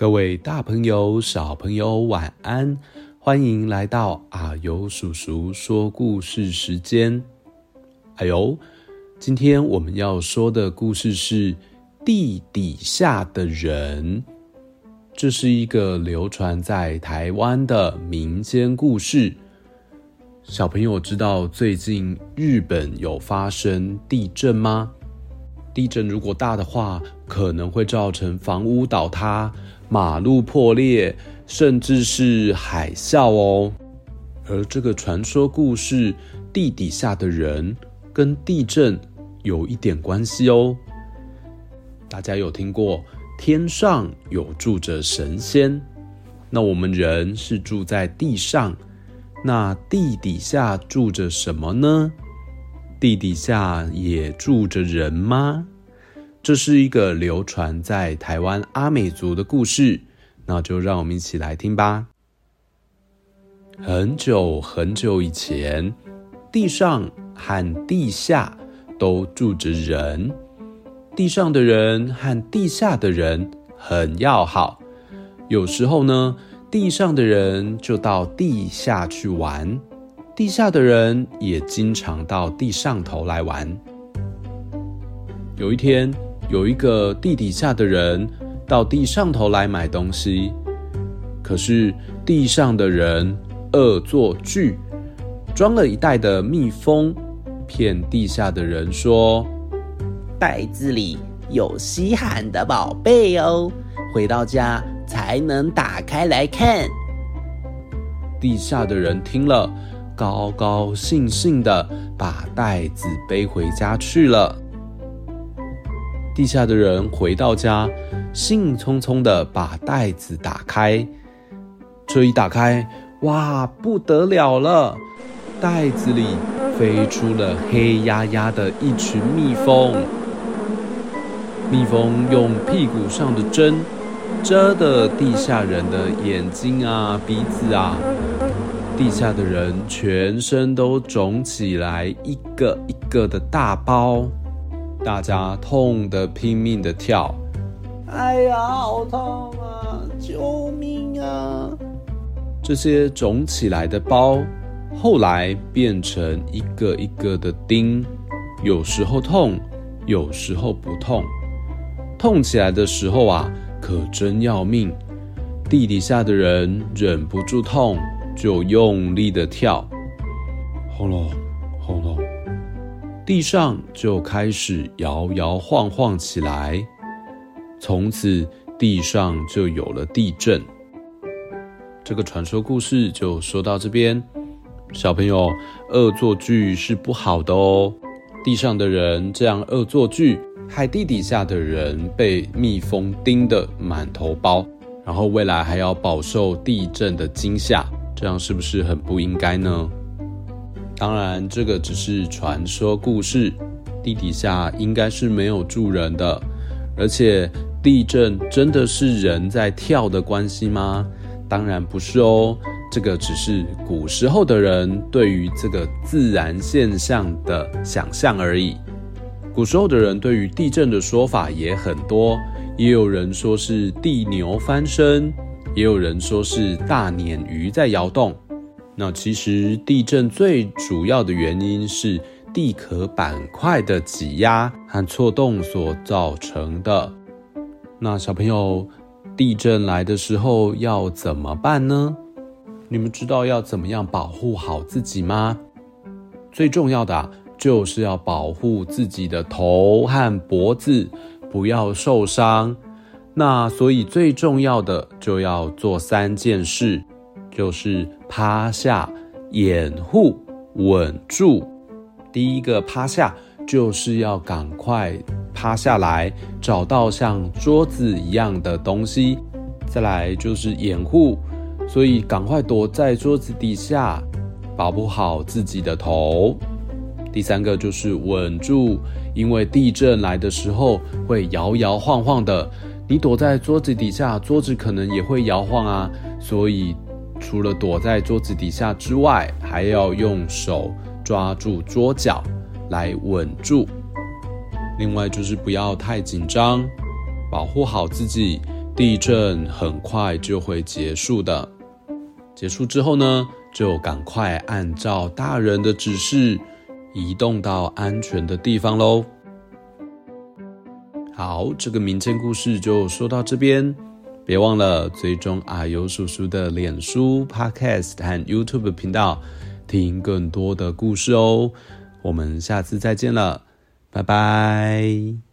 各位大朋友、小朋友，晚安！歡迎來到啊呦叔叔說故事時間。啊呦，今天我們要說的故事是《地底下的人》，這是一個流傳在台灣的民間故事。小朋友知道最近日本有發生地震嗎？地震如果大的話，可能會造成房屋倒塌。馬路破裂，甚至是海嘯哦。而這個傳說故事，地底下的人跟地震有一點關係哦。大家有聽過天上有住着神仙，那我們人是住在地上，那地底下住着什麼呢？地底下也住着人嗎？這是一個流傳在台灣阿美族的故事，那就讓我們一起來聽吧。很久很久以前，地上和地下都住着人，地上的人和地下的人很要好。有時候呢，地上的人就到地下去玩，地下的人也經常到地上頭來玩。有一天。有一個地底下的人到地上頭來買東西，可是地上的人惡作劇，裝了一袋的蜜蜂，騙地下的人說袋子裡有稀罕的寶貝哦，回到家才能打開來看。地下的人聽了，高高興興的把袋子背回家去了。地下的人回到家，興沖沖地把袋子打開。這一打開，哇，不得了了！袋子裡飛出了黑壓壓的一群蜜蜂。蜜蜂用屁股上的針蜇得地下人的眼睛啊、鼻子啊，地下的人全身都腫起來，一個一個的大包。大家痛得拼命的跳，哎呀，好痛啊！救命啊！這些腫起來的包，後來變成一個一個的釘，有時候痛，有時候不痛。痛起來的時候啊，可真要命。地底下的人忍不住痛，就用力的跳，轟隆，轟隆。地上就開始搖搖晃晃起來，從此地上就有了地震。這個傳說故事就說到這邊，小朋友，惡作劇是不好的哦。地上的人這樣惡作劇，害地底下的人被蜜蜂叮得滿頭包，然後未來還要飽受地震的驚嚇，這樣是不是很不應該呢？當然，這個只是傳說故事，地底下應該是沒有住人的，而且地震真的是人在跳的關係嗎？當然不是哦，這個只是古時候的人對於這個自然現象的想象而已。古時候的人對於地震的說法也很多，也有人說是地牛翻身，也有人說是大鯰魚在搖動。那其實地震最主要的原因是地殼板塊的擠壓和錯動所造成的。那小朋友，地震來的時候要怎麼辦呢？你們知道要怎麼樣保護好自己嗎？最重要的啊，就是要保護自己的頭和脖子，不要受傷。那所以最重要的就要做三件事。就是趴下、掩護、穩住。第一個趴下就是要趕快趴下來，找到像桌子一樣的東西。再來就是掩護，所以趕快躲在桌子底下，保護好自己的頭。第三個就是穩住，因為地震來的時候會搖搖晃晃的，你躲在桌子底下，桌子可能也會搖晃啊，所以。除了躲在桌子底下之外，還要用手抓住桌角來穩住。另外就是不要太緊張，保護好自己，地震很快就會結束的。結束之後呢，就趕快按照大人的指示，移動到安全的地方嘍。好，這個民間故事就說到這邊。別忘了追蹤阿尤叔叔的臉書、Podcast 和 YouTube 頻道，聽更多的故事哦。我們下次再見了，拜拜。